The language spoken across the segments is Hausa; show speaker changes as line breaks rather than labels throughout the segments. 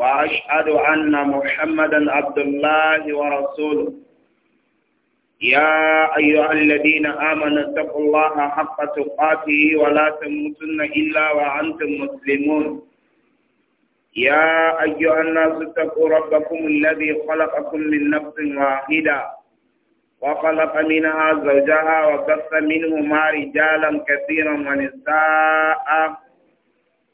وأشهد أن محمدا عبد الله ورسوله يا أيها الذين آمنوا اتقوا الله حق تقاته ولا تموتن إلا وأنتم مسلمون يا أيها الناس اتقوا ربكم الذي خلقكم من نفس واحدة وخلق منها زوجها وبث منهما رجالا كثيرا ونساء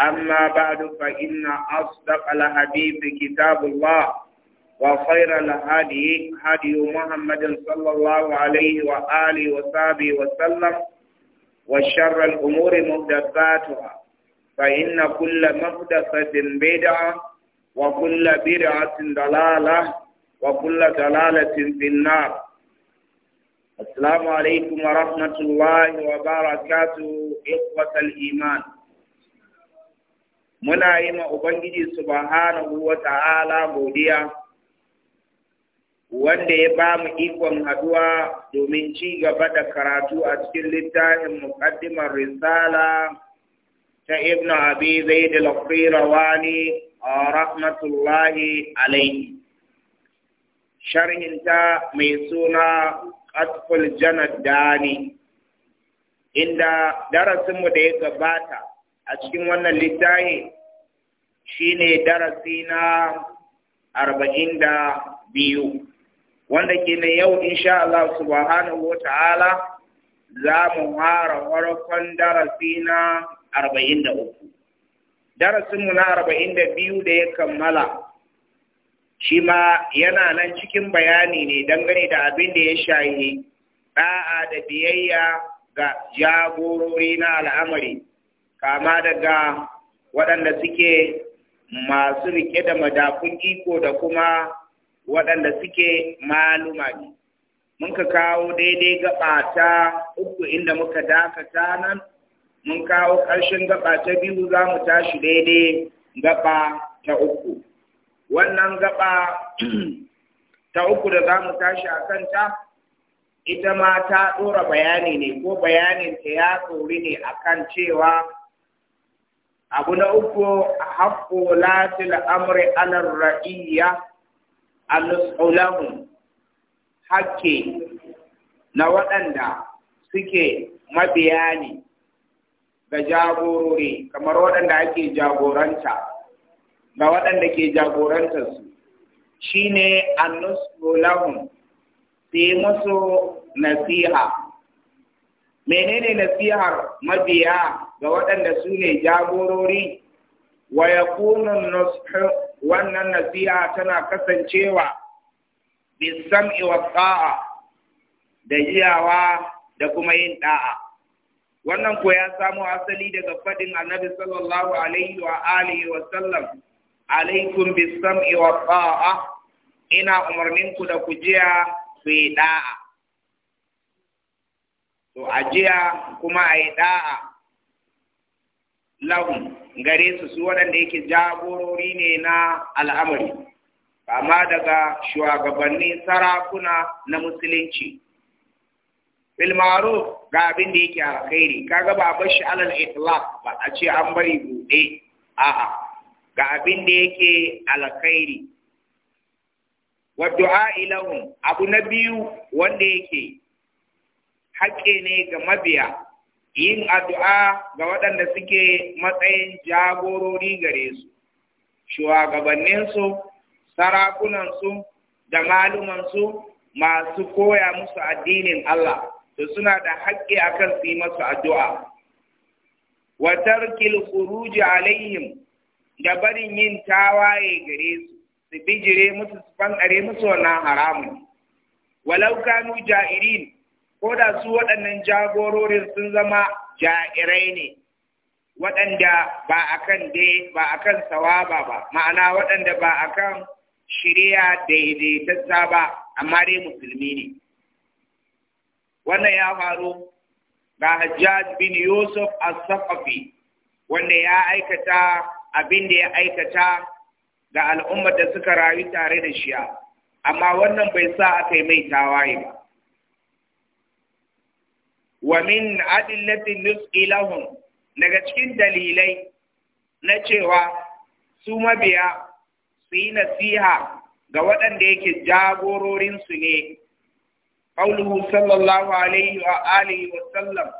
أما بعد فإن أصدق الحديث كتاب الله وخير الهدي هدي محمد صلى الله عليه وآله وصحبه وسلم وشر الأمور محدثاتها فإن كل محدثة بدعة وكل بدعة ضلالة وكل ضلالة في النار السلام عليكم ورحمة الله وبركاته إخوة الإيمان muna yi ma Ubangiji subhanahu wa ta'ala godiya, wanda ya ba mu ikon haduwa domin ci gaba da karatu a cikin littafin muƙaddimar risala ta Ibn Abi Zaid al-Qirawani rahmatullahi alaihi. Sharhinta mai suna Qatful janar Dani, inda darasinmu da ya gabata a cikin wannan littafi shine darasi na arba'in da biyu wanda ke na yau insha Allah subhanahu wa ta'ala za mu fara farkon darasi na arba'in da uku darasinmu na arba'in da biyu da ya kammala shi ma yana nan cikin bayani ne dangane da abin da ya shayi ɗa'a da biyayya ga jagorori na al'amari kama daga waɗanda suke masu rike da madafun iko da kuma waɗanda suke maluma ne. Mun kawo daidai gaba ta uku inda muka dakata nan, mun kawo ƙarshen gaba ta biyu za mu tashi daidai gaba ta uku. Wannan gaba ta uku da za mu tashi a kanta, ita ma ta ɗora bayani ne ko bayaninta ya tsori ne akan cewa abu na uku haƙƙo latil amri ala ra'iyya al-ulahu haƙƙi na waɗanda suke mabiya ne ga jagorori kamar waɗanda ake jagoranta ga waɗanda ke jagorantar su shine annusbu lahum sai musu nasiha menene nasihar mabiya ga waɗanda su ne jagorori wa yakunun wannan nasiha tana kasancewa bisan wa da jiyawa da kuma yin ɗa'a. wannan ko ya samo asali daga fadin annabi sallallahu alaihi wa alihi wa sallam alaikum bisam'i wa ina umarninku da ku jiya ku yi ɗa'a. to ajiya kuma a yi da'a lahun gare su su waɗanda yake jagorori ne na al'amari kama daga shugabanni sarakuna na musulunci filmaro ga abin da yake alkhairi kaga ba bar shi alal itlaq ba a ce an bari buɗe a'a ga abin da yake alkhairi wa du'a ilahum abu na biyu wanda yake haƙƙi ne ga mabiya yin addu'a ga waɗanda suke matsayin jagorori gare su, shugabanninsu, sarakunansu da malumansu masu koya musu addinin Allah, da suna da haƙƙi akan su yi masu addu'a. Watar kuruji alaihim da barin yin tawaye gare su, su bijire musu su fanɗare musu wannan haramun. Walau kanu ja'irin ko da su waɗannan jagororin sun zama ja'irai ne waɗanda ba a kan ba a kan sawaba ba ma'ana waɗanda ba a kan shirya daidaitata ba amma dai musulmi ne wannan ya faru ga Hajjaj bin Yusuf al safafi wanda ya aikata abin da ya aikata ga al'ummar da suka rayu tare da shiya amma wannan bai sa aka yi mai tawaye ba wa min adillati nusqi daga cikin dalilai na cewa su mabiya su yi nasiha ga waɗanda yake jagororinsu ne qauluhu sallallahu alaihi wa alihi wa sallam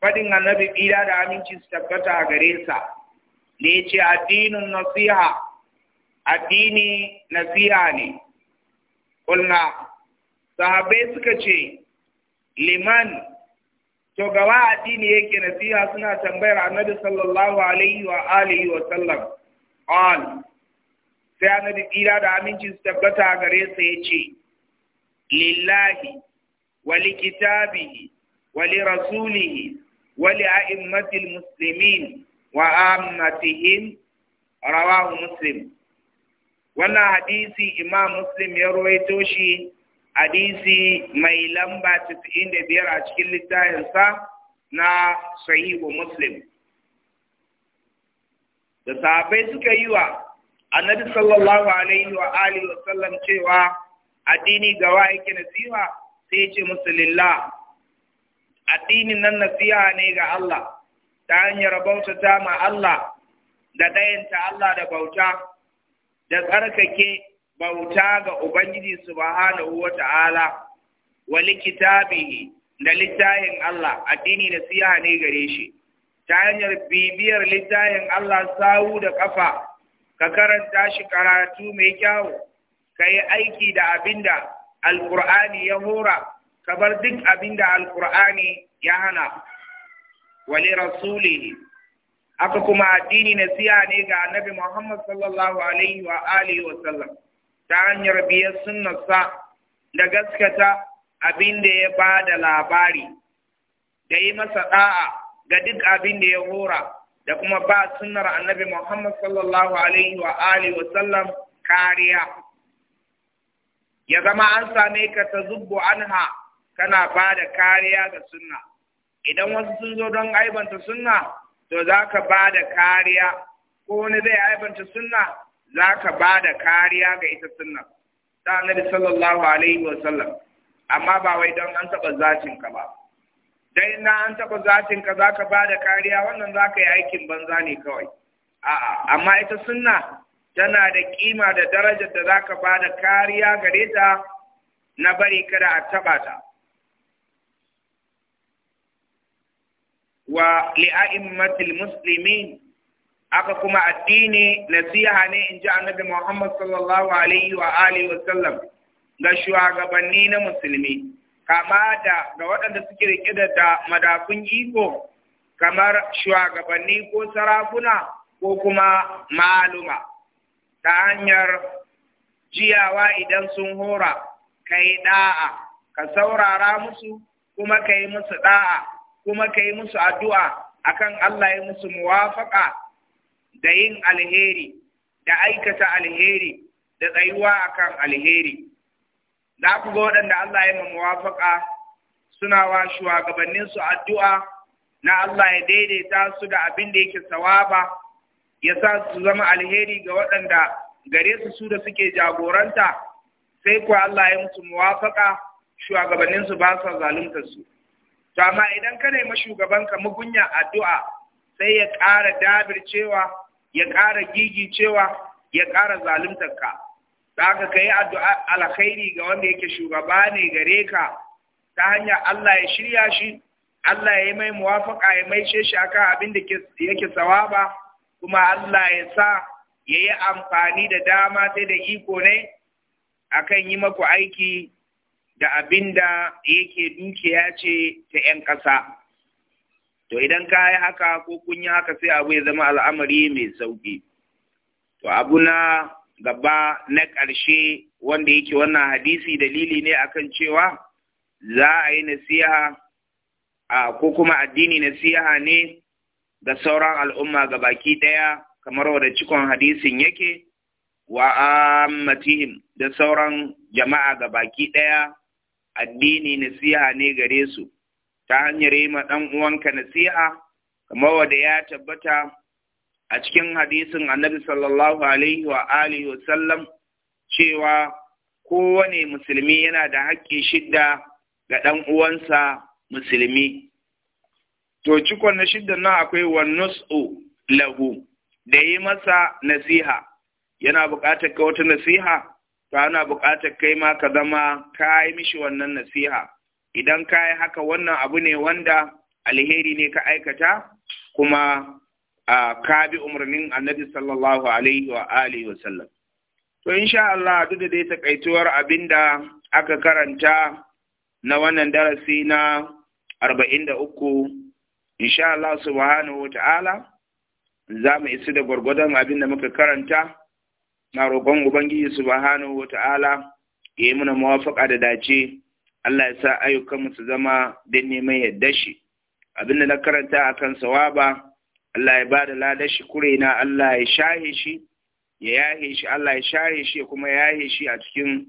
fadin annabi bira da aminci su tabbata a gare sa da addinin nasiha addini nasiha ne kulna sahabai suka ce liman To gawa addini yake nasiha suna tambayar annabi sallallahu alaihi wa alihi wa sallam qal sai annabi kira da aminci su tabbata gare sa yace lillahi wa li kitabihi wa li rasulihi wa li a'immati almuslimin wa ammatihim rawahu muslim wannan hadisi imam muslim ya ruwaito shi hadisi mai lamba biyar a cikin littafinsa na sahihu muslim da sahabbai suka yi wa annabi sallallahu alaihi wa alihi wa sallam cewa addini gawa yake nasiha sai ce musu addini addinin nan nasiha ne ga Allah ta hanyar bauta ta ma Allah da dayanta Allah da bauta da tsarkake bauta ga Ubangiji subhanahu wa ta'ala wa likitabihi da littayin Allah addini nasiha ne gare shi ta hanyar bibiyar littayin Allah sawu da ƙafa. ka karanta shi karatu mai kyau ka yi aiki da abinda alkur'ani ya hora ka bar duk abinda alkur'ani ya hana wali rasulihi haka kuma addini nasiha ne ga annabi Muhammad sallallahu alaihi wa wa sallam ta hanyar biyar sunnarsa da gaskata abin da ya ba da labari da yi masa ɗa'a ga duk abin da ya hora da kuma ba sunnar annabi Muhammad sallallahu alaihi wa alihi wa sallam kariya ya zama an same ka ta an anha kana ba da kariya ga sunna idan wasu sun zo don aibanta sunna to za ka ba da kariya ko wani zai aibanta sunna za ka ba da kariya ga ita sunna ta annabi sallallahu alaihi wa sallam amma ba wai don an taɓa zatin ba dai na an taɓa zatin ka za ka ba da kariya wannan za ka yi aikin banza ne kawai a'a amma ita sunna tana da kima da darajar da za ka ba da kariya gare ta na bari kada a taba ta wa li'a'immatil muslimin aka kuma addini nasiha ne in ji annabi Muhammad sallallahu alaihi wa alihi wa sallam ga shugabanni na musulmi kama da ga waɗanda suke rike da madafun iko kamar shugabanni ko sarakuna ko kuma maluma ta hanyar jiyawa idan sun hora kai ɗa'a ka saurara musu kuma kai musu ɗa'a kuma kai musu addu'a akan Allah ya musu muwafaƙa da yin alheri da aikata alheri da tsayuwa akan alheri za ku ga waɗanda Allah ya wafaƙa suna wa shugabanninsu addu'a na Allah ya daidaita su da abin da yake sawaba ya sa su zama alheri ga waɗanda gare su su da suke jagoranta sai kuwa Allah ya musu muwafaƙa shugabanninsu ba su zalunta su. To amma idan ka nema shugabanka mugunya addu'a sai ya ƙara dabir cewa ya ƙara gigi cewa ya ƙara zaluntar ka ka yi addu'a alkhairi ga wanda yake shugaba ne gare ka ta hanyar Allah ya shirya shi Allah ya yi mai muwafaka ya mai shi akan abin da yake sawaba kuma Allah ya sa ya yi amfani da dama sai da iko ne akan yi maku aiki da abin da yake dukiya ce ta ‘yan ƙasa. to idan ka yi haka ko kun yi haka sai abu ya zama al'amari mai sauƙi to abu na gaba na ƙarshe wanda yake wannan hadisi dalili ne akan cewa za a yi nasiha a ko kuma addini nasiha ne ga sauran al'umma ga baki ɗaya kamar wadda cikon hadisin yake wa ammatihim da sauran jama'a ga baki ɗaya addini nasiha ne gare su ta hanyar yi ma ɗan uwanka nasiha kamar wanda ya tabbata a cikin hadisin annabi sallallahu alaihi wa alihi wa sallam cewa kowane musulmi yana da haƙƙi shidda ga ɗan uwansa musulmi to cikon na shidda nan akwai wa nus'u lahu da yi masa nasiha yana buƙatar ka wata nasiha to ana buƙatar kai ma ka zama ka yi mishi wannan nasiha idan ka yi haka wannan abu ne wanda alheri ne ka aikata kuma ka bi umarnin annabi sallallahu alaihi wa alihi wa sallam to insha Allah duk da dai takaituwar abinda aka karanta na wannan darasi na 43 insha Allah subhanahu wa ta'ala za mu isa da gwargwadon abinda muka karanta na roƙon ubangiji subhanahu wa ta'ala ya yi muna mawafaƙa da dace Allah ya sa ayyukanmu su zama don neman yadda shi abinda na karanta akan sawaba Allah ya bada lada shi kurena Allah ya shahe shi ya yahe shi Allah ya shahe shi ya yahe shi a cikin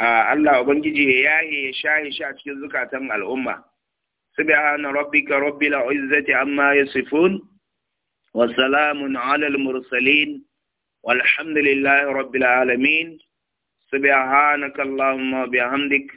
Allah ubangiji ya yahe ya shahe shi a cikin zukatan al'umma subhana rabbika rabbil izzati amma yasifun wa salamun alal mursalin walhamdulillahi rabbil alamin subhanaka allahumma bihamdika